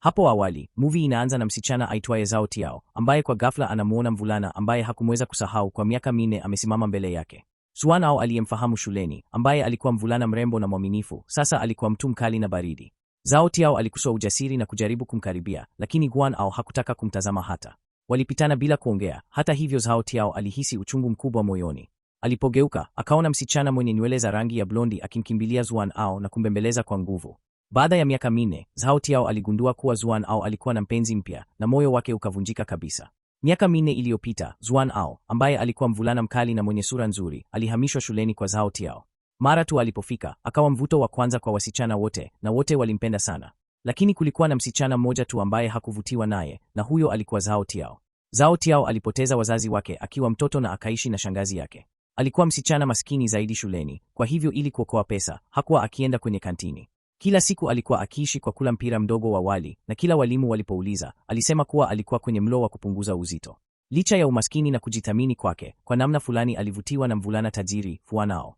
Hapo awali movie inaanza na msichana aitwaye Zao Tiao ambaye kwa ghafla anamuona mvulana ambaye hakumweza kusahau kwa miaka minne amesimama mbele yake. Suanao aliyemfahamu shuleni, ambaye alikuwa mvulana mrembo na mwaminifu, sasa alikuwa mtu mkali na baridi. Zao Tiao alikuswa ujasiri na kujaribu kumkaribia, lakini Ao hakutaka kumtazama hata. Walipitana bila kuongea. Hata hivyo, Zao Tiao alihisi uchungu mkubwa moyoni. Alipogeuka akaona msichana mwenye nywele za rangi ya blondi akimkimbilia Zuan Ao na kumbembeleza kwa nguvu. Baada ya miaka minne, Zhao Tiao aligundua kuwa Zuan Ao alikuwa na mpenzi mpya na moyo wake ukavunjika kabisa. Miaka minne iliyopita, Zuan Ao, ambaye alikuwa mvulana mkali na mwenye sura nzuri, alihamishwa shuleni kwa Zhao Tiao. Mara tu alipofika, akawa mvuto wa kwanza kwa wasichana wote na wote walimpenda sana. Lakini kulikuwa na msichana mmoja tu ambaye hakuvutiwa naye na huyo alikuwa Zhao Tiao. Zhao Tiao alipoteza wazazi wake akiwa mtoto na akaishi na shangazi yake. Alikuwa msichana maskini zaidi shuleni, kwa hivyo ili kuokoa pesa, hakuwa akienda kwenye kantini. Kila siku alikuwa akiishi kwa kula mpira mdogo wa wali, na kila walimu walipouliza, alisema kuwa alikuwa kwenye mlo wa kupunguza uzito. Licha ya umaskini na kujithamini kwake, kwa namna fulani alivutiwa na mvulana tajiri Fuanao.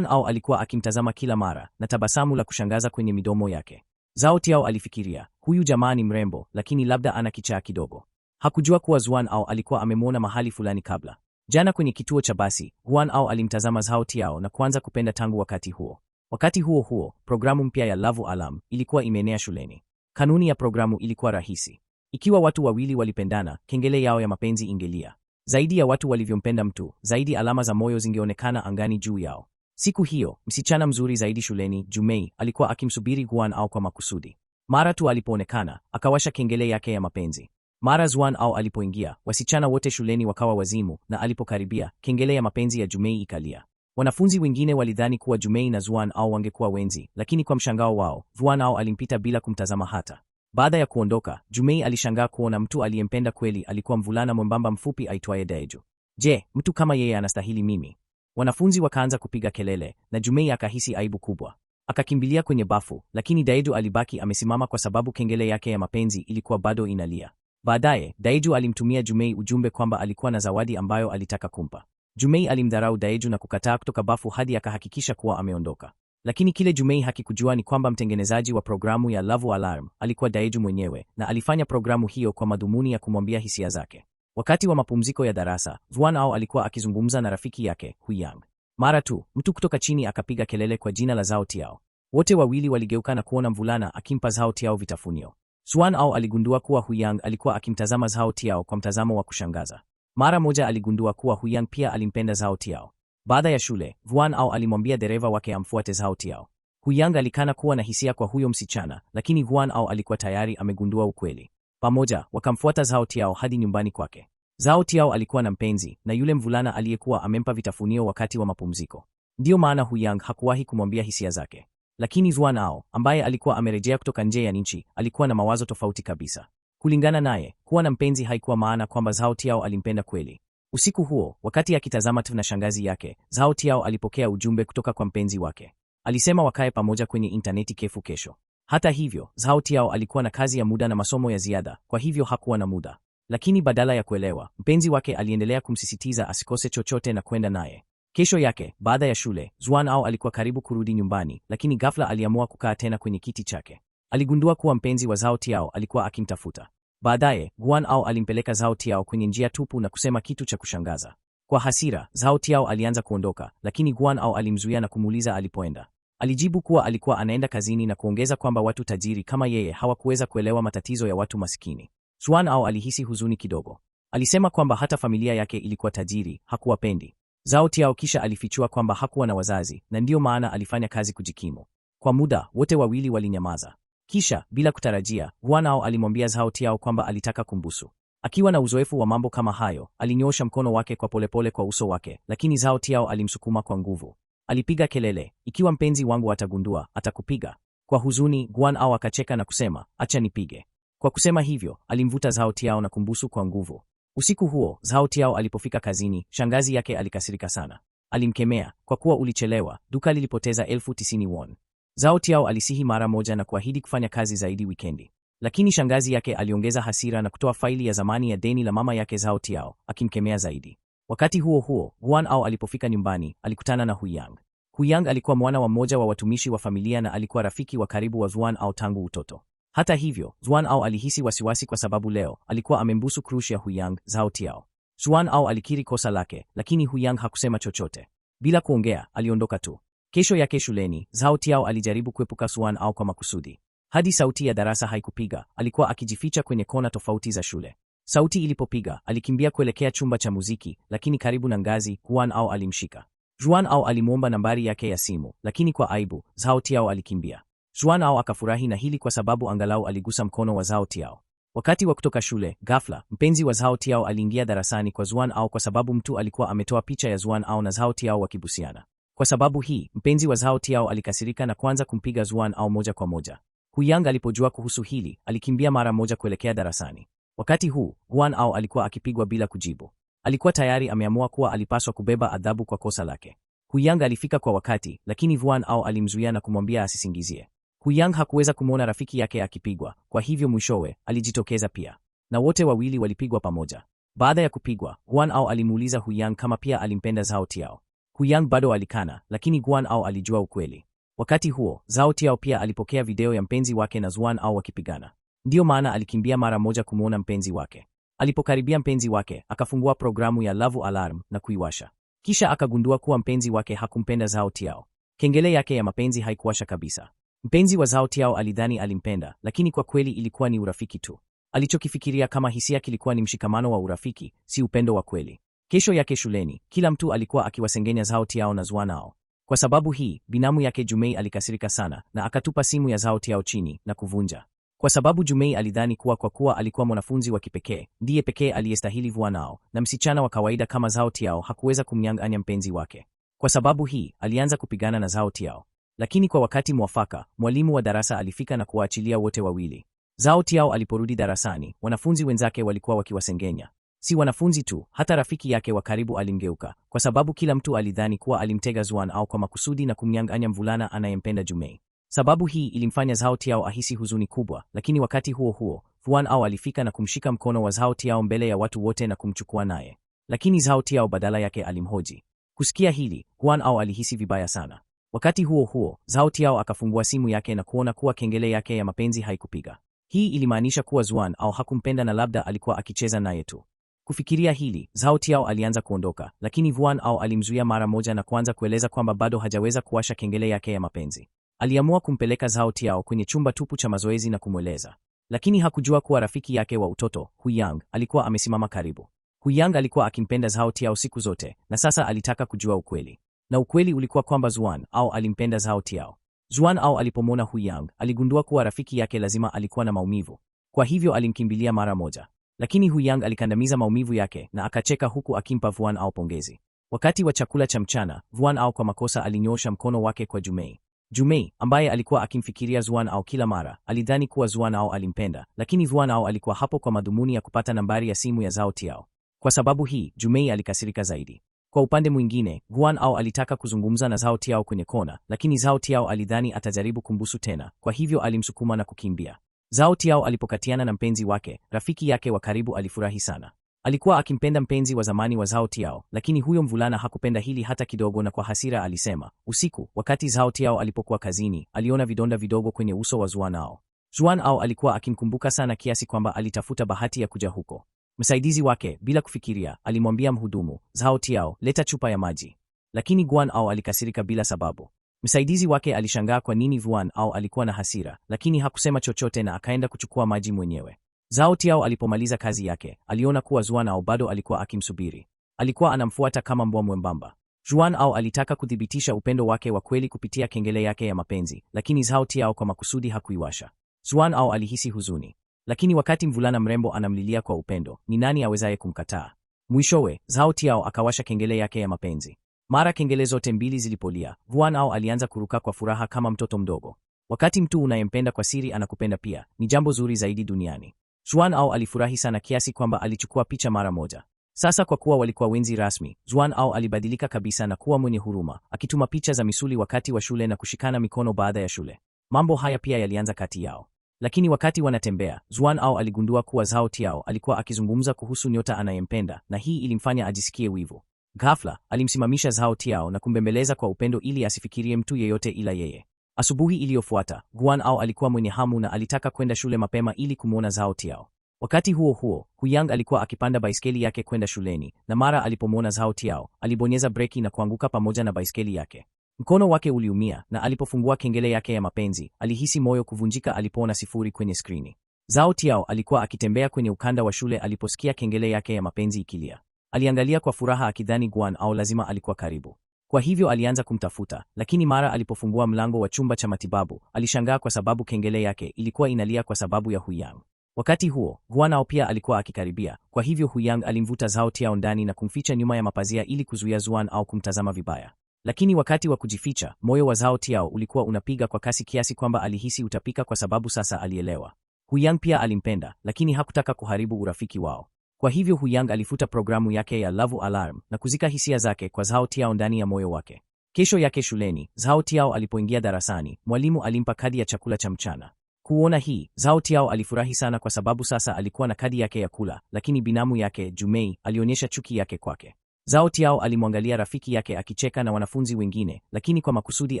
Ao alikuwa akimtazama kila mara na tabasamu la kushangaza kwenye midomo yake. Zao Tiao alifikiria, huyu jamaa ni mrembo, lakini labda ana kichaa kidogo. Hakujua kuwa Ao alikuwa amemwona mahali fulani kabla. Jana kwenye kituo cha basi, Ao alimtazama Zao Tiao na kuanza kupenda tangu wakati huo. Wakati huo huo, programu mpya ya Love Alarm ilikuwa imeenea shuleni. Kanuni ya programu ilikuwa rahisi. Ikiwa watu wawili walipendana, kengele yao ya mapenzi ingelia. Zaidi ya watu walivyompenda mtu, zaidi alama za moyo zingeonekana angani juu yao. Siku hiyo, msichana mzuri zaidi shuleni, Jumei, alikuwa akimsubiri Guan au kwa makusudi. Mara tu alipoonekana, akawasha kengele yake ya mapenzi. Mara Zuan au alipoingia, wasichana wote shuleni wakawa wazimu, na alipokaribia, kengele ya mapenzi ya Jumei ikalia. Wanafunzi wengine walidhani kuwa Jumei na Zuan au wangekuwa wenzi, lakini kwa mshangao wao, Zuan au alimpita bila kumtazama hata. Baada ya kuondoka, Jumei alishangaa kuona mtu aliyempenda kweli alikuwa mvulana mwembamba mfupi aitwaye Daeju. Je, mtu kama yeye anastahili mimi? Wanafunzi wakaanza kupiga kelele na Jumei akahisi aibu kubwa. Akakimbilia kwenye bafu, lakini Daeju alibaki amesimama kwa sababu kengele yake ya mapenzi ilikuwa bado inalia. Baadaye, Daeju alimtumia Jumei ujumbe kwamba alikuwa na zawadi ambayo alitaka kumpa. Jumei alimdharau Daeju na kukataa kutoka bafu hadi akahakikisha kuwa ameondoka. Lakini kile Jumei hakikujua ni kwamba mtengenezaji wa programu ya Love Alarm alikuwa Daeju mwenyewe na alifanya programu hiyo kwa madhumuni ya kumwambia hisia zake. Wakati wa mapumziko ya darasa, Vuan Ao alikuwa akizungumza na rafiki yake Huyang. Mara tu mtu kutoka chini akapiga kelele kwa jina la Zao Tiao. Wote wawili waligeuka na kuona mvulana akimpa Zao Tiao vitafunio. Zuan Ao aligundua kuwa Huyang alikuwa akimtazama Zao Tiao kwa mtazamo wa kushangaza. Mara moja aligundua kuwa Huyang pia alimpenda Zhao Tiao. Baada ya shule, Vuan Ao alimwambia dereva wake amfuate Zhao Tiao. Huyang alikana kuwa na hisia kwa huyo msichana, lakini Vuan Ao alikuwa tayari amegundua ukweli. Pamoja wakamfuata Zhao Tiao hadi nyumbani kwake. Zhao Tiao alikuwa na mpenzi na yule mvulana aliyekuwa amempa vitafunio wakati wa mapumziko. Ndiyo maana Huyang hakuwahi kumwambia hisia zake, lakini Zuan Ao ambaye alikuwa amerejea kutoka nje ya nchi alikuwa na mawazo tofauti kabisa. Kulingana naye, kuwa na mpenzi haikuwa maana kwamba Zhao Tiao alimpenda kweli. Usiku huo, wakati akitazama tu na shangazi yake, Zhao Tiao alipokea ujumbe kutoka kwa mpenzi wake. Alisema wakae pamoja kwenye intaneti kefu kesho. Hata hivyo, Zhao Tiao alikuwa na kazi ya muda na masomo ya ziada, kwa hivyo hakuwa na muda. Lakini badala ya kuelewa, mpenzi wake aliendelea kumsisitiza asikose chochote na kwenda naye. Kesho yake, baada ya shule, Zuan Ao alikuwa karibu kurudi nyumbani, lakini ghafla aliamua kukaa tena kwenye kiti chake. Aligundua kuwa mpenzi wa Zhao Tiao alikuwa akimtafuta. Baadaye Guan Ao alimpeleka Zhao Tiao kwenye njia tupu na kusema kitu cha kushangaza. Kwa hasira, Zhao Tiao alianza kuondoka, lakini Guan Ao alimzuia na kumuuliza alipoenda. Alijibu kuwa alikuwa anaenda kazini na kuongeza kwamba watu tajiri kama yeye hawakuweza kuelewa matatizo ya watu masikini. Zuan Ao alihisi huzuni kidogo. Alisema kwamba hata familia yake ilikuwa tajiri, hakuwapendi. Zhao Tiao kisha alifichua kwamba hakuwa na wazazi na ndiyo maana alifanya kazi kujikimu. Kwa muda wote wawili walinyamaza. Kisha, bila kutarajia, Guanao alimwambia Zhao Tiao kwamba alitaka kumbusu. Akiwa na uzoefu wa mambo kama hayo, alinyoosha mkono wake kwa polepole kwa uso wake, lakini Zhao Tiao alimsukuma kwa nguvu. Alipiga kelele, ikiwa mpenzi wangu atagundua, atakupiga. Kwa huzuni, Guan Ao akacheka na kusema, acha nipige. Kwa kusema hivyo, alimvuta Zhao Tiao na kumbusu kwa nguvu. Usiku huo, Zhao Tiao alipofika kazini, shangazi yake alikasirika sana. Alimkemea, kwa kuwa ulichelewa, duka lilipoteza elfu tisini won. Zhao Tiao alisihi mara moja na kuahidi kufanya kazi zaidi wikendi, lakini shangazi yake aliongeza hasira na kutoa faili ya zamani ya deni la mama yake Zao Tiao, akimkemea zaidi. Wakati huo huo, Huan Ao alipofika nyumbani, alikutana na Huyang. Huyang alikuwa mwana wa mmoja wa watumishi wa familia na alikuwa rafiki wa karibu wa Zuan Ao tangu utoto. Hata hivyo, Zuan Ao alihisi wasiwasi kwa sababu leo alikuwa amembusu crush ya Huyang, Zhao Tiao. Zuan Ao alikiri kosa lake, lakini Huyang hakusema chochote. Bila kuongea, aliondoka tu. Kesho yake shuleni, Zhao Tiao alijaribu kuepuka Suan au kwa makusudi. Hadi sauti ya darasa haikupiga, alikuwa akijificha kwenye kona tofauti za shule. Sauti ilipopiga, alikimbia kuelekea chumba cha muziki, lakini karibu na ngazi, Huan au alimshika. Juan au alimwomba nambari yake ya simu, lakini kwa aibu, Zhao Tiao alikimbia. Juan au akafurahi na hili kwa sababu angalau aligusa mkono wa Zhao Tiao. Wakati wa kutoka shule, ghafla, mpenzi wa Zhao Tiao aliingia darasani kwa Juan au kwa sababu mtu alikuwa ametoa picha ya Juan au na Zhao Tiao wakibusiana. Kwa sababu hii, mpenzi wa Zhao Tiao alikasirika na kuanza kumpiga Zuan au moja kwa moja. Huyang alipojua kuhusu hili, alikimbia mara moja kuelekea darasani. Wakati huu, Guan Ao alikuwa akipigwa bila kujibu. Alikuwa tayari ameamua kuwa alipaswa kubeba adhabu kwa kosa lake. Huyang alifika kwa wakati, lakini Guan Ao alimzuia na kumwambia asisingizie. Huyang hakuweza kumwona rafiki yake akipigwa, kwa hivyo mwishowe alijitokeza pia, na wote wawili walipigwa pamoja. Baada ya kupigwa, Guan Ao alimuuliza Huyang kama pia alimpenda Zhao Tiao. Huyan bado alikana, lakini Guan Ao alijua ukweli. Wakati huo, Zhao Tiao pia alipokea video ya mpenzi wake na Zuan Ao wakipigana. Ndiyo maana alikimbia mara moja kumwona mpenzi wake. Alipokaribia mpenzi wake, akafungua programu ya Love Alarm na kuiwasha. Kisha akagundua kuwa mpenzi wake hakumpenda Zhao Tiao. Kengele yake ya mapenzi haikuwasha kabisa. Mpenzi wa Zhao Tiao alidhani alimpenda, lakini kwa kweli ilikuwa ni urafiki tu. Alichokifikiria kama hisia kilikuwa ni mshikamano wa urafiki, si upendo wa kweli. Kesho yake shuleni, kila mtu alikuwa akiwasengenya zao tiao na Nao. Kwa sababu hii, binamu yake Jumei alikasirika sana na akatupa simu ya zao tiao chini na kuvunja, kwa sababu Jumei alidhani kuwa kwa kuwa alikuwa mwanafunzi wa kipekee ndiye pekee aliyestahili vuanao, na msichana wa kawaida kama zao tiao hakuweza kumnyang'anya mpenzi wake. Kwa sababu hii, alianza kupigana na zao tiao, lakini kwa wakati mwafaka, mwalimu wa darasa alifika na kuwaachilia wote wawili. Zao tiao aliporudi darasani, wanafunzi wenzake walikuwa wakiwasengenya Si wanafunzi tu, hata rafiki yake wa karibu alimgeuka, kwa sababu kila mtu alidhani kuwa alimtega Zuan au kwa makusudi na kumnyang'anya mvulana anayempenda Jumei. Sababu hii ilimfanya Zhao Tiao ahisi huzuni kubwa, lakini wakati huo huo, Fuan Ao alifika na kumshika mkono wa Zhao Tiao mbele ya watu wote na kumchukua naye. Lakini Zhao Tiao badala yake alimhoji. Kusikia hili, Fuan Ao alihisi vibaya sana. Wakati huo huo, Zhao Tiao akafungua simu yake na kuona kuwa kengele yake ya mapenzi haikupiga. Hii ilimaanisha kuwa Zuan Ao hakumpenda na labda alikuwa akicheza naye tu. Kufikiria hili, Zhao Tiao alianza kuondoka, lakini Vuan Ao alimzuia mara moja na kuanza kueleza kwamba bado hajaweza kuwasha kengele yake ya mapenzi. Aliamua kumpeleka Zhao Tiao kwenye chumba tupu cha mazoezi na kumweleza, lakini hakujua kuwa rafiki yake wa utoto Huyang alikuwa amesimama karibu. Huyang alikuwa akimpenda Zhao Tiao siku zote na sasa alitaka kujua ukweli, na ukweli ulikuwa kwamba Zuan Ao alimpenda Zhao Tiao. Zuan Ao alipomwona Huyang aligundua kuwa rafiki yake lazima alikuwa na maumivu, kwa hivyo alimkimbilia mara moja. Lakini Huyang alikandamiza maumivu yake na akacheka huku akimpa Vuan Ao pongezi. Wakati wa chakula cha mchana, Vuan Ao kwa makosa alinyosha mkono wake kwa Jumei. Jumei, ambaye alikuwa akimfikiria Zuan Ao kila mara, alidhani kuwa Zuan Ao alimpenda, lakini Zuan Ao alikuwa hapo kwa madhumuni ya kupata nambari ya simu ya Zao Tiao. Kwa sababu hii, Jumei alikasirika zaidi. Kwa upande mwingine, Guan Ao alitaka kuzungumza na Zao Tiao kwenye kona, lakini Zao Tiao alidhani atajaribu kumbusu tena, kwa hivyo alimsukuma na kukimbia. Zao Tiao alipokatiana na mpenzi wake, rafiki yake wa karibu alifurahi sana. Alikuwa akimpenda mpenzi wa zamani wa Zao Tiao, lakini huyo mvulana hakupenda hili hata kidogo, na kwa hasira alisema. Usiku, wakati Zao Tiao alipokuwa kazini, aliona vidonda vidogo kwenye uso wa Zuan Ao. Zuan Ao alikuwa akimkumbuka sana kiasi kwamba alitafuta bahati ya kuja huko. Msaidizi wake, bila kufikiria, alimwambia mhudumu, Zao Tiao, leta chupa ya maji. Lakini Guan Ao alikasirika bila sababu. Msaidizi wake alishangaa kwa nini Vuan au alikuwa na hasira, lakini hakusema chochote na akaenda kuchukua maji mwenyewe. Zao Tiao alipomaliza kazi yake, aliona kuwa Zuan au bado alikuwa akimsubiri. Alikuwa anamfuata kama mbwa mwembamba. Zuan au alitaka kuthibitisha upendo wake wa kweli kupitia kengele yake ya mapenzi, lakini Zao Tiao kwa makusudi hakuiwasha. Zuan au alihisi huzuni, lakini wakati mvulana mrembo anamlilia kwa upendo, ni nani awezaye kumkataa? Mwishowe, Zao Tiao akawasha kengele yake ya mapenzi. Mara kengele zote mbili zilipolia, Guanao alianza kuruka kwa furaha kama mtoto mdogo. Wakati mtu unayempenda kwa siri anakupenda pia, ni jambo zuri zaidi duniani. Guanao alifurahi sana kiasi kwamba alichukua picha mara moja. Sasa kwa kuwa walikuwa wenzi rasmi, Guanao alibadilika kabisa na kuwa mwenye huruma, akituma picha za misuli wakati wa shule na kushikana mikono baada ya shule. Mambo haya pia yalianza kati yao. Lakini wakati wanatembea, Guanao aligundua kuwa Zhao Tiao alikuwa akizungumza kuhusu nyota anayempenda na hii ilimfanya ajisikie wivu. Ghafla alimsimamisha Zhao Tiao na kumbembeleza kwa upendo ili asifikirie mtu yeyote ila yeye. Asubuhi iliyofuata Guan Ao alikuwa mwenye hamu na alitaka kwenda shule mapema ili kumwona Zhao Tiao. Wakati huo huo, Huyang alikuwa akipanda baiskeli yake kwenda shuleni, na mara alipomwona Zhao Tiao alibonyeza breki na kuanguka pamoja na baiskeli yake. Mkono wake uliumia na alipofungua kengele yake ya mapenzi alihisi moyo kuvunjika alipoona sifuri kwenye skrini. Zhao Tiao alikuwa akitembea kwenye ukanda wa shule aliposikia kengele yake ya mapenzi ikilia. Aliangalia kwa furaha akidhani Guan au lazima alikuwa karibu. Kwa hivyo alianza kumtafuta, lakini mara alipofungua mlango wa chumba cha matibabu, alishangaa kwa sababu kengele yake ilikuwa inalia kwa sababu ya Huyang. Wakati huo, au pia alikuwa akikaribia, kwa hivyo Huyang alimvuta Zhao Tiao ndani na kumficha nyuma ya mapazia ili kuzuia Zuan au kumtazama vibaya. Lakini wakati wa kujificha, moyo wa Zhao Tiao ulikuwa unapiga kwa kasi kiasi kwamba alihisi utapika kwa sababu sasa alielewa. Huyang pia alimpenda, lakini hakutaka kuharibu urafiki wao. Kwa hivyo Huyang alifuta programu yake ya Love Alarm na kuzika hisia zake kwa Zhao Tiao ndani ya moyo wake. Kesho yake shuleni, Zhao Tiao alipoingia darasani, mwalimu alimpa kadi ya chakula cha mchana. Kuona hii, Zhao Tiao alifurahi sana kwa sababu sasa alikuwa na kadi yake ya kula, lakini binamu yake Jumei alionyesha chuki yake kwake. Zhao Tiao alimwangalia rafiki yake akicheka na wanafunzi wengine, lakini kwa makusudi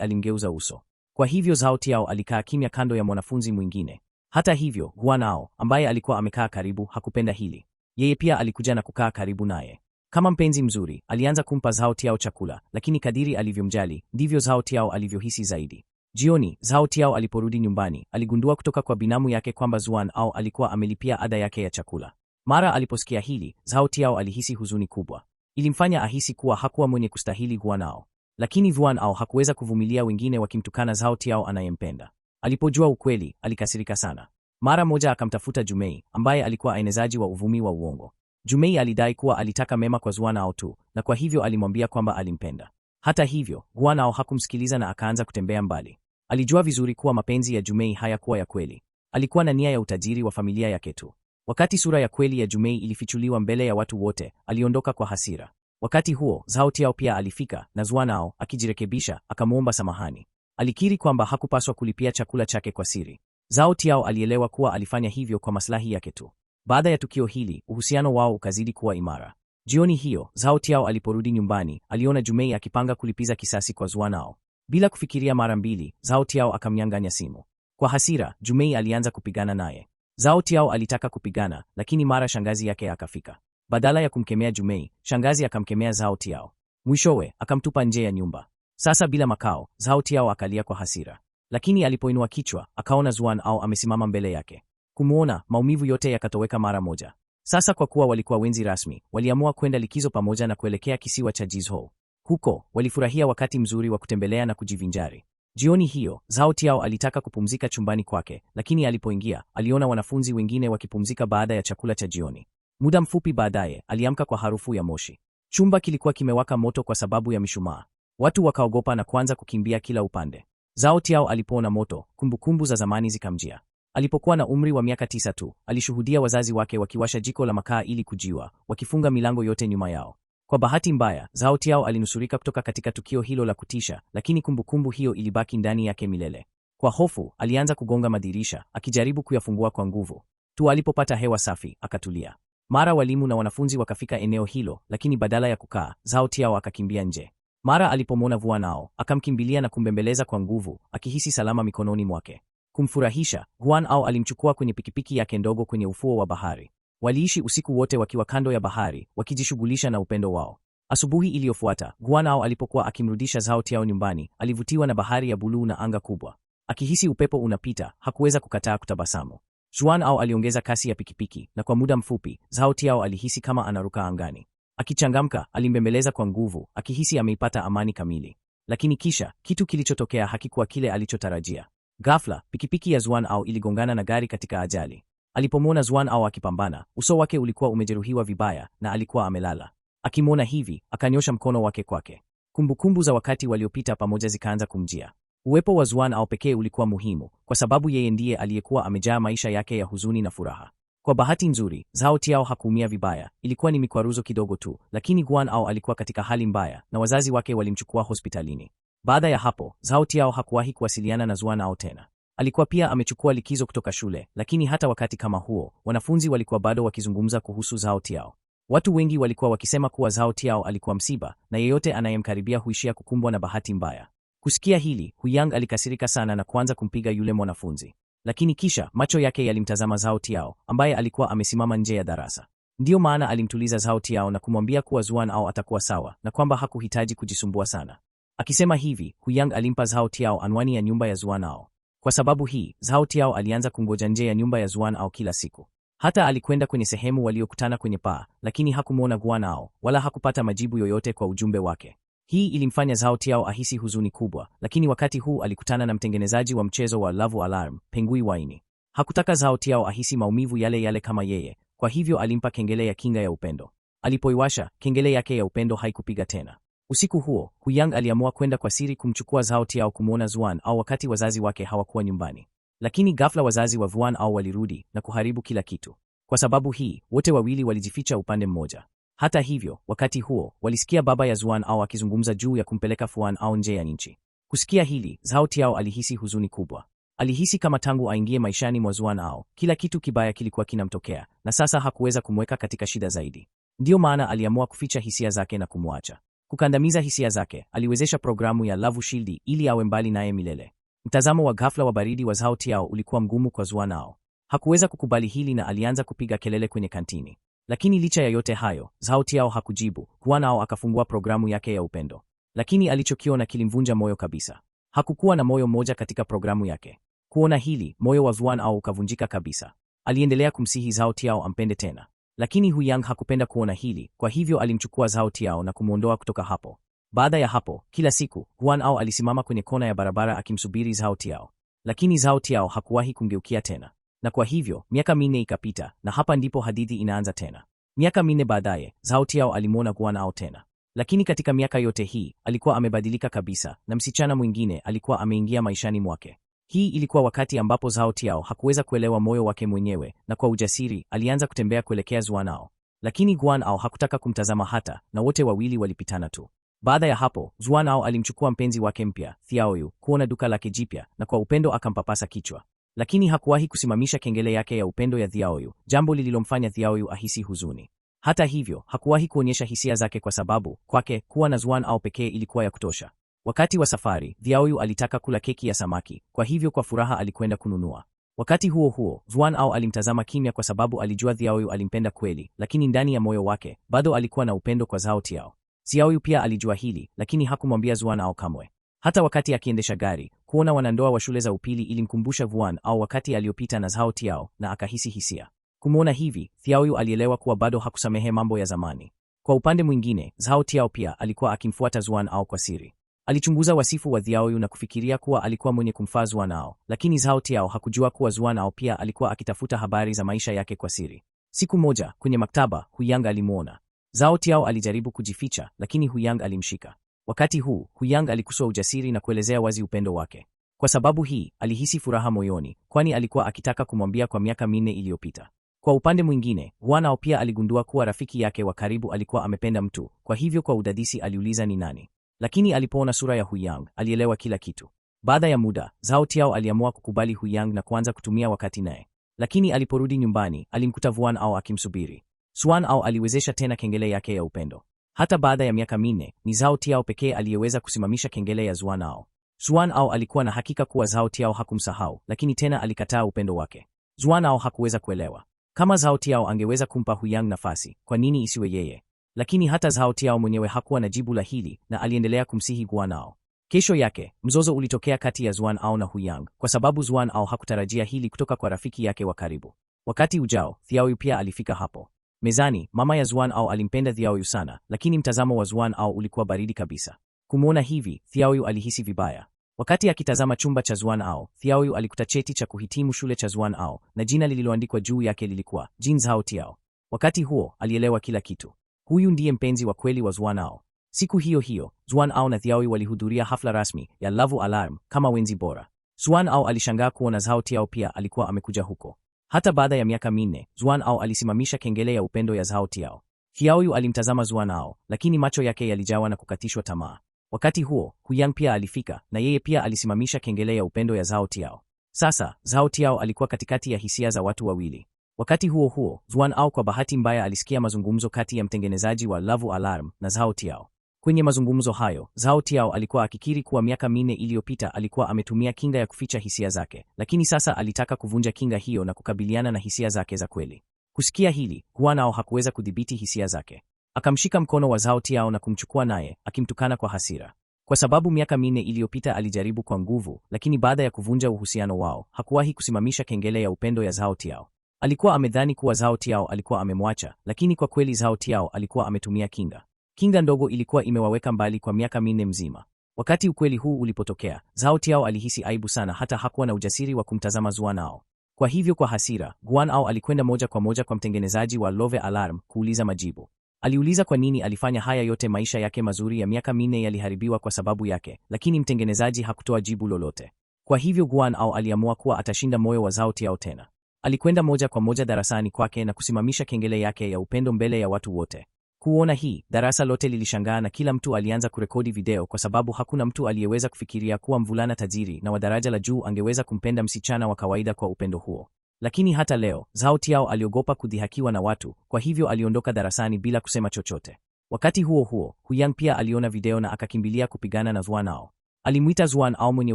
alimgeuza uso. Kwa hivyo Zhao Tiao alikaa kimya kando ya mwanafunzi mwingine. Hata hivyo, Guanao ambaye alikuwa amekaa karibu hakupenda hili. Yeye pia alikuja na kukaa karibu naye. Kama mpenzi mzuri, alianza kumpa Zhao Tiao chakula, lakini kadiri alivyomjali ndivyo Zhao Tiao alivyohisi zaidi. Jioni, Zhao Tiao aliporudi nyumbani, aligundua kutoka kwa binamu yake kwamba Zuan au alikuwa amelipia ada yake ya chakula. Mara aliposikia hili, Zhao Tiao alihisi huzuni kubwa. Ilimfanya ahisi kuwa hakuwa mwenye kustahili kuwa nao. Lakini Zuan au hakuweza kuvumilia wengine wakimtukana Zhao Tiao anayempenda. Alipojua ukweli, alikasirika sana. Mara moja akamtafuta Jumei ambaye alikuwa aenezaji wa uvumi wa uongo. Jumei alidai kuwa alitaka mema kwa Zuanao tu na kwa hivyo alimwambia kwamba alimpenda. Hata hivyo, Guanao hakumsikiliza na akaanza kutembea mbali. Alijua vizuri kuwa mapenzi ya Jumei hayakuwa ya kweli. Alikuwa na nia ya utajiri wa familia yake tu. Wakati sura ya kweli ya Jumei ilifichuliwa mbele ya watu wote, aliondoka kwa hasira. Wakati huo Zhao Tiao pia alifika na Zuanao akijirekebisha akamwomba samahani. Alikiri kwamba hakupaswa kulipia chakula chake kwa siri. Zhao Tiao alielewa kuwa alifanya hivyo kwa maslahi yake tu. Baada ya tukio hili, uhusiano wao ukazidi kuwa imara. Jioni hiyo, Zhao Tiao aliporudi nyumbani, aliona Jumei akipanga kulipiza kisasi kwa Zua Nao. Bila kufikiria mara mbili, Zhao Tiao akamnyang'anya simu. Kwa hasira, Jumei alianza kupigana naye. Zhao Tiao alitaka kupigana, lakini mara shangazi yake akafika. Badala ya kumkemea Jumei, shangazi akamkemea Zhao Tiao. Mwishowe, akamtupa nje ya nyumba. Sasa bila makao, Zhao Tiao akalia kwa hasira lakini alipoinua kichwa akaona Zuan au amesimama mbele yake. Kumwona, maumivu yote yakatoweka mara moja. Sasa kwa kuwa walikuwa wenzi rasmi, waliamua kwenda likizo pamoja na kuelekea kisiwa cha Jizho. Huko walifurahia wakati mzuri wa kutembelea na kujivinjari. Jioni hiyo Zhao Tiao alitaka kupumzika chumbani kwake, lakini alipoingia aliona wanafunzi wengine wakipumzika baada ya chakula cha jioni. Muda mfupi baadaye aliamka kwa harufu ya moshi. Chumba kilikuwa kimewaka moto kwa sababu ya mishumaa. Watu wakaogopa na kuanza kukimbia kila upande. Zhao Tiao alipoona moto, kumbukumbu za zamani zikamjia. Alipokuwa na umri wa miaka tisa tu, alishuhudia wazazi wake wakiwasha jiko la makaa ili kujiwa, wakifunga milango yote nyuma yao. Kwa bahati mbaya, Zhao Tiao alinusurika kutoka katika tukio hilo la kutisha, lakini kumbukumbu hiyo ilibaki ndani yake milele. Kwa hofu, alianza kugonga madirisha, akijaribu kuyafungua kwa nguvu. Tu alipopata hewa safi, akatulia. Mara walimu na wanafunzi wakafika eneo hilo, lakini badala ya kukaa, Zhao Tiao akakimbia nje. Mara alipomwona Nao, akamkimbilia na kumbembeleza kwa nguvu, akihisi salama mikononi mwake. Kumfurahisha, Vuanao alimchukua kwenye pikipiki yake ndogo kwenye ufuo wa bahari. Waliishi usiku wote wakiwa kando ya bahari, wakijishughulisha na upendo wao. Asubuhi iliyofuata, Guanao alipokuwa akimrudisha Zao Tiao nyumbani, alivutiwa na bahari ya buluu na anga kubwa. Akihisi upepo unapita, hakuweza kukataa kutabasamu. Juan ao aliongeza kasi ya pikipiki, na kwa muda mfupi, Zao Tiao alihisi kama anaruka angani. Akichangamka, alimbembeleza kwa nguvu, akihisi ameipata amani kamili. Lakini kisha, kitu kilichotokea hakikuwa kile alichotarajia. Ghafla, pikipiki ya Zuan Ao iligongana na gari katika ajali. Alipomwona Zuan Ao akipambana, uso wake ulikuwa umejeruhiwa vibaya na alikuwa amelala. Akimwona hivi, akanyosha mkono wake kwake. Kumbukumbu za wakati waliopita pamoja zikaanza kumjia. Uwepo wa Zuan Ao pekee ulikuwa muhimu, kwa sababu yeye ndiye aliyekuwa amejaa maisha yake ya huzuni na furaha. Kwa bahati nzuri, Zhao Tiao hakuumia vibaya, ilikuwa ni mikwaruzo kidogo tu, lakini Guan Ao alikuwa katika hali mbaya na wazazi wake walimchukua hospitalini. Baada ya hapo, Zhao Tiao hakuwahi kuwasiliana na Zuan Ao tena. Alikuwa pia amechukua likizo kutoka shule, lakini hata wakati kama huo, wanafunzi walikuwa bado wakizungumza kuhusu Zhao Tiao. Watu wengi walikuwa wakisema kuwa Zhao Tiao alikuwa msiba na yeyote anayemkaribia huishia kukumbwa na bahati mbaya. Kusikia hili, Huyang alikasirika sana na kuanza kumpiga yule mwanafunzi. Lakini kisha macho yake yalimtazama Zhao Tiao ambaye alikuwa amesimama nje ya darasa. Ndiyo maana alimtuliza Zhao Tiao na kumwambia kuwa Zuan Ao atakuwa sawa na kwamba hakuhitaji kujisumbua sana. Akisema hivi, Huyang alimpa Zhao Tiao anwani ya nyumba ya Zuan Ao. Kwa sababu hii, Zhao Tiao alianza kungoja nje ya nyumba ya Zuan Ao kila siku. Hata alikwenda kwenye sehemu waliokutana kwenye paa, lakini hakumwona Guan Ao wala hakupata majibu yoyote kwa ujumbe wake. Hii ilimfanya Zhao Tiao ahisi huzuni kubwa, lakini wakati huu alikutana na mtengenezaji wa mchezo wa Love Alarm, Pengui Waini. Hakutaka Zhao Tiao ahisi maumivu yale yale kama yeye, kwa hivyo alimpa kengele ya kinga ya upendo. Alipoiwasha, kengele yake ya upendo haikupiga tena. Usiku huo, Huyang aliamua kwenda kwa siri kumchukua Zhao Tiao kumwona Zuan au wakati wazazi wake hawakuwa nyumbani. Lakini ghafla wazazi wa Vuan au walirudi na kuharibu kila kitu. Kwa sababu hii, wote wawili walijificha upande mmoja. Hata hivyo, wakati huo walisikia baba ya Zuan Ao akizungumza juu ya kumpeleka Fuan Ao nje ya nchi. Kusikia hili, Zhao Tiao alihisi huzuni kubwa. Alihisi kama tangu aingie maishani mwa Zuan Ao kila kitu kibaya kilikuwa kinamtokea, na sasa hakuweza kumweka katika shida zaidi. Ndiyo maana aliamua kuficha hisia zake na kumwacha kukandamiza hisia zake. Aliwezesha programu ya Love Shield ili awe mbali naye milele. Mtazamo wa ghafla wa baridi wa Zhao Tiao ulikuwa mgumu kwa Zuan Ao. Hakuweza kukubali hili na alianza kupiga kelele kwenye kantini. Lakini licha ya yote hayo, Zhao Tiao hakujibu. Kuwa nao akafungua programu yake ya upendo, lakini alichokiona kilimvunja moyo kabisa. Hakukuwa na moyo mmoja katika programu yake. Kuona hili, moyo wa Vuan ukavunjika kabisa. Aliendelea kumsihi Zhao Tiao ampende tena, lakini Huyang hakupenda kuona hili, kwa hivyo alimchukua Zhao Tiao na kumwondoa kutoka hapo. Baada ya hapo, kila siku Huan Ao alisimama kwenye kona ya barabara akimsubiri Zhao Tiao, lakini Zhao Tiao hakuwahi kumgeukia tena. Na kwa hivyo miaka minne ikapita, na hapa ndipo hadithi inaanza tena. Miaka minne baadaye, Zhao Tiao alimwona kuwa tena, lakini katika miaka yote hii alikuwa amebadilika kabisa, na msichana mwingine alikuwa ameingia maishani mwake. Hii ilikuwa wakati ambapo Zhao Tiao hakuweza kuelewa moyo wake mwenyewe, na kwa ujasiri alianza kutembea kuelekea Zuanao, lakini Guanao hakutaka kumtazama hata, na wote wawili walipitana tu. Baada ya hapo, Zuanao alimchukua mpenzi wake mpya Thiaoyu kuona duka lake jipya, na kwa upendo akampapasa kichwa lakini hakuwahi kusimamisha kengele yake ya upendo ya Thiaoyu, jambo lililomfanya Thiaoyu ahisi huzuni. Hata hivyo, hakuwahi kuonyesha hisia zake kwa sababu kwake kuwa na Zuan au pekee ilikuwa ya kutosha. Wakati wa safari, Thiaoyu alitaka kula keki ya samaki, kwa hivyo kwa furaha alikwenda kununua. Wakati huo huo, Zuan Ao alimtazama kimya kwa sababu alijua Thiaoyu alimpenda kweli, lakini ndani ya moyo wake bado alikuwa na upendo kwa Zhao Tiao. Thiaoyu pia alijua hili, lakini hakumwambia Zuan Ao kamwe. Hata wakati akiendesha gari, kuona wanandoa wa shule za upili ilimkumbusha Vuan au wakati aliyopita na Zhao Tiao na akahisi hisia. Kumwona hivi, Thiaoyu alielewa kuwa bado hakusamehe mambo ya zamani. Kwa upande mwingine, Zhao Tiao pia alikuwa akimfuata Zuan au kwa siri. Alichunguza wasifu wa Thiaoyu na kufikiria kuwa alikuwa mwenye kumfaa Zuan lakini Zhao Tiao hakujua kuwa Zuan au pia alikuwa akitafuta habari za maisha yake kwa siri. Siku moja kwenye maktaba, Huyang alimwona Zhao Tiao. Alijaribu kujificha, lakini Huyang alimshika. Wakati huu, Huyang alikuswa ujasiri na kuelezea wazi upendo wake. Kwa sababu hii, alihisi furaha moyoni, kwani alikuwa akitaka kumwambia kwa miaka minne iliyopita. Kwa upande mwingine, Hua pia aligundua kuwa rafiki yake wa karibu alikuwa amependa mtu, kwa hivyo kwa udadisi aliuliza ni nani. Lakini alipoona sura ya Huyang, alielewa kila kitu. Baada ya muda, Zhao Tiao aliamua kukubali Huyang na kuanza kutumia wakati naye. Lakini aliporudi nyumbani, alimkuta Vuan Ao akimsubiri. Suan Ao aliwezesha tena kengele yake ya upendo. Hata baada ya miaka minne, ni Zhao Tiao pekee aliyeweza kusimamisha kengele ya Zuan Ao. Zuan Ao alikuwa na hakika kuwa Zhao Tiao hakumsahau, lakini tena alikataa upendo wake. Zuan Ao hakuweza kuelewa. Kama Zhao Tiao angeweza kumpa Huyang nafasi, kwa nini isiwe yeye? Lakini hata Zhao Tiao mwenyewe hakuwa na jibu la hili na aliendelea kumsihi Guan Ao. Kesho yake, mzozo ulitokea kati ya Zuan Ao na Huyang, kwa sababu Zuan Ao hakutarajia hili kutoka kwa rafiki yake wa karibu. Wakati ujao, Thiaoyu pia alifika hapo. Mezani, mama ya Zuan au alimpenda Thiaoyu sana, lakini mtazamo wa Zuan au ulikuwa baridi kabisa. Kumwona hivi, Thiaoyu alihisi vibaya. Wakati akitazama chumba cha Zuan ao, Thiaoyu alikuta cheti cha kuhitimu shule cha Zuan ao na jina lililoandikwa juu yake lilikuwa Jin Zhao Tiao. Wakati huo alielewa kila kitu. Huyu ndiye mpenzi wa kweli wa Zuan ao. Siku hiyo hiyo, Zuan ao na Thiaoyu walihudhuria hafla rasmi ya Love Alarm kama wenzi bora. Zuan ao alishangaa kuona Zhao Tiao pia alikuwa amekuja huko. Hata baada ya miaka minne, Zuan Ao alisimamisha kengele ya upendo ya Zhao Tiao. Yu alimtazama Zuan Ao, lakini macho yake yalijawa na kukatishwa tamaa. Wakati huo, Huyang pia alifika na yeye pia alisimamisha kengele ya upendo ya Zhao Tiao. Sasa Zhao Tiao alikuwa katikati ya hisia za watu wawili. Wakati huo huo, Zuan Ao kwa bahati mbaya alisikia mazungumzo kati ya mtengenezaji wa Love Alarm na Zhao Tiao. Kwenye mazungumzo hayo, Zhao Tiao alikuwa akikiri kuwa miaka minne iliyopita alikuwa ametumia kinga ya kuficha hisia zake, lakini sasa alitaka kuvunja kinga hiyo na kukabiliana na hisia zake za kweli. Kusikia hili, Huanao Nao hakuweza kudhibiti hisia zake. Akamshika mkono wa Zhao Tiao na kumchukua naye, akimtukana kwa hasira. Kwa sababu miaka minne iliyopita alijaribu kwa nguvu, lakini baada ya kuvunja uhusiano wao, hakuwahi kusimamisha kengele ya upendo ya Zhao Tiao. Alikuwa amedhani kuwa Zhao Tiao alikuwa amemwacha, lakini kwa kweli Zhao Tiao alikuwa ametumia kinga. Kinga ndogo ilikuwa imewaweka mbali kwa miaka minne mzima. Wakati ukweli huu ulipotokea, Zhao Tiao alihisi aibu sana, hata hakuwa na ujasiri wa kumtazama zuanao Kwa hivyo, kwa hasira, Guan Ao alikwenda moja kwa moja kwa mtengenezaji wa Love Alarm kuuliza majibu. Aliuliza kwa nini alifanya haya yote. Maisha yake mazuri ya miaka minne yaliharibiwa kwa sababu yake, lakini mtengenezaji hakutoa jibu lolote. Kwa hivyo, Guan Ao aliamua kuwa atashinda moyo wa Zhao Tiao tena. Alikwenda moja kwa moja darasani kwake na kusimamisha kengele yake ya upendo mbele ya watu wote. Kuona hii, darasa lote lilishangaa na kila mtu alianza kurekodi video kwa sababu hakuna mtu aliyeweza kufikiria kuwa mvulana tajiri na wa daraja la juu angeweza kumpenda msichana wa kawaida kwa upendo huo. Lakini hata leo, Zhao Tiao aliogopa kudhihakiwa na watu, kwa hivyo aliondoka darasani bila kusema chochote. Wakati huo huo, Huyang pia aliona video na akakimbilia kupigana na Zuan Ao. Alimwita Zuan Ao mwenye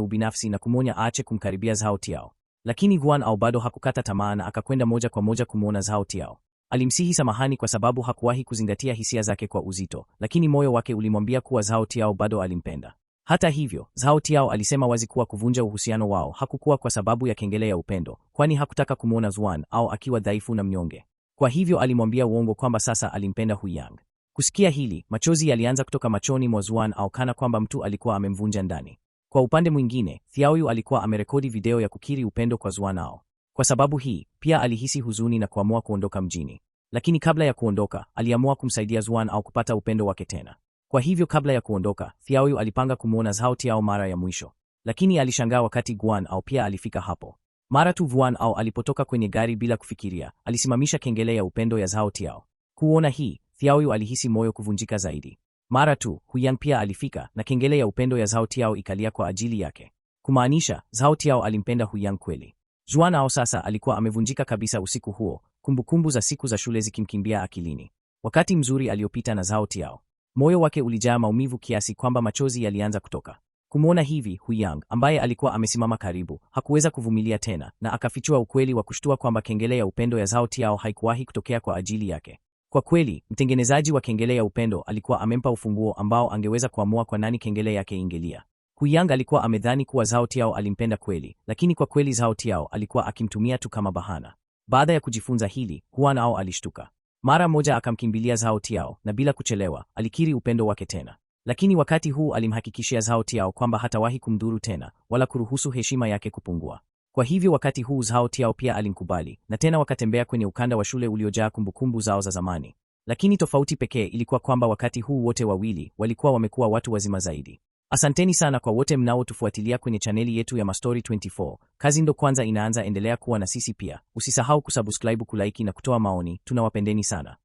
ubinafsi na kumwonya aache kumkaribia Zhao Tiao. Lakini Zuan Ao bado hakukata tamaa na akakwenda moja kwa moja kumwona Zhao Tiao. Alimsihi samahani kwa sababu hakuwahi kuzingatia hisia zake kwa uzito, lakini moyo wake ulimwambia kuwa Zhao Tiao bado alimpenda. Hata hivyo, Zhao Tiao alisema wazi kuwa kuvunja uhusiano wao hakukuwa kwa sababu ya kengele ya upendo, kwani hakutaka kumwona Zuan au akiwa dhaifu na mnyonge. Kwa hivyo alimwambia uongo kwamba sasa alimpenda Huyang. Kusikia hili, machozi yalianza kutoka machoni mwa Zuan au kana kwamba mtu alikuwa amemvunja ndani. Kwa upande mwingine, Thiaoyu alikuwa amerekodi video ya kukiri upendo kwa ao. Kwa sababu hii, pia alihisi huzuni na kuamua kuondoka mjini. Lakini kabla ya kuondoka, aliamua kumsaidia Zuan au kupata upendo wake tena. Kwa hivyo kabla ya kuondoka, Thiaoyu alipanga kumwona Zhao Tiao mara ya mwisho. Lakini alishangaa wakati Guan au pia alifika hapo. Mara tu Guan au alipotoka kwenye gari bila kufikiria, alisimamisha kengele ya upendo ya Zhao Tiao. Kuona hii, Thiaoyu alihisi moyo kuvunjika zaidi. Mara tu Huyan pia alifika na kengele ya upendo ya Zhao Tiao ikalia kwa ajili yake. Kumaanisha, Zhao Tiao alimpenda Huyan kweli. Juanao sasa alikuwa amevunjika kabisa usiku huo, kumbukumbu za siku za shule zikimkimbia akilini, wakati mzuri aliopita na Zao Tiao. Moyo wake ulijaa maumivu kiasi kwamba machozi yalianza kutoka. Kumwona hivi Huyang ambaye alikuwa amesimama karibu, hakuweza kuvumilia tena na akafichua ukweli wa kushtua kwamba kengele ya upendo ya Zao Tiao haikuwahi kutokea kwa ajili yake. Kwa kweli, mtengenezaji wa kengele ya upendo alikuwa amempa ufunguo ambao angeweza kuamua kwa nani kengele yake ingelia. Kuyang alikuwa amedhani kuwa Zhao Tiao alimpenda kweli, lakini kwa kweli Zhao Tiao alikuwa akimtumia tu kama bahana. Baada ya kujifunza hili, Huan Ao alishtuka. Mara moja akamkimbilia Zhao Tiao na bila kuchelewa alikiri upendo wake tena. Lakini wakati huu alimhakikishia Zhao Tiao kwamba hatawahi kumdhuru tena wala kuruhusu heshima yake kupungua. Kwa hivyo wakati huu Zhao Tiao pia alimkubali na tena wakatembea kwenye ukanda wa shule uliojaa kumbukumbu zao za zamani. Lakini tofauti pekee ilikuwa kwamba wakati huu wote wawili walikuwa wamekuwa watu wazima zaidi. Asanteni sana kwa wote mnaotufuatilia kwenye chaneli yetu ya Mastori 24. Kazi ndo kwanza inaanza, endelea kuwa na sisi pia. Usisahau kusubscribe, kulike na kutoa maoni. Tunawapendeni sana.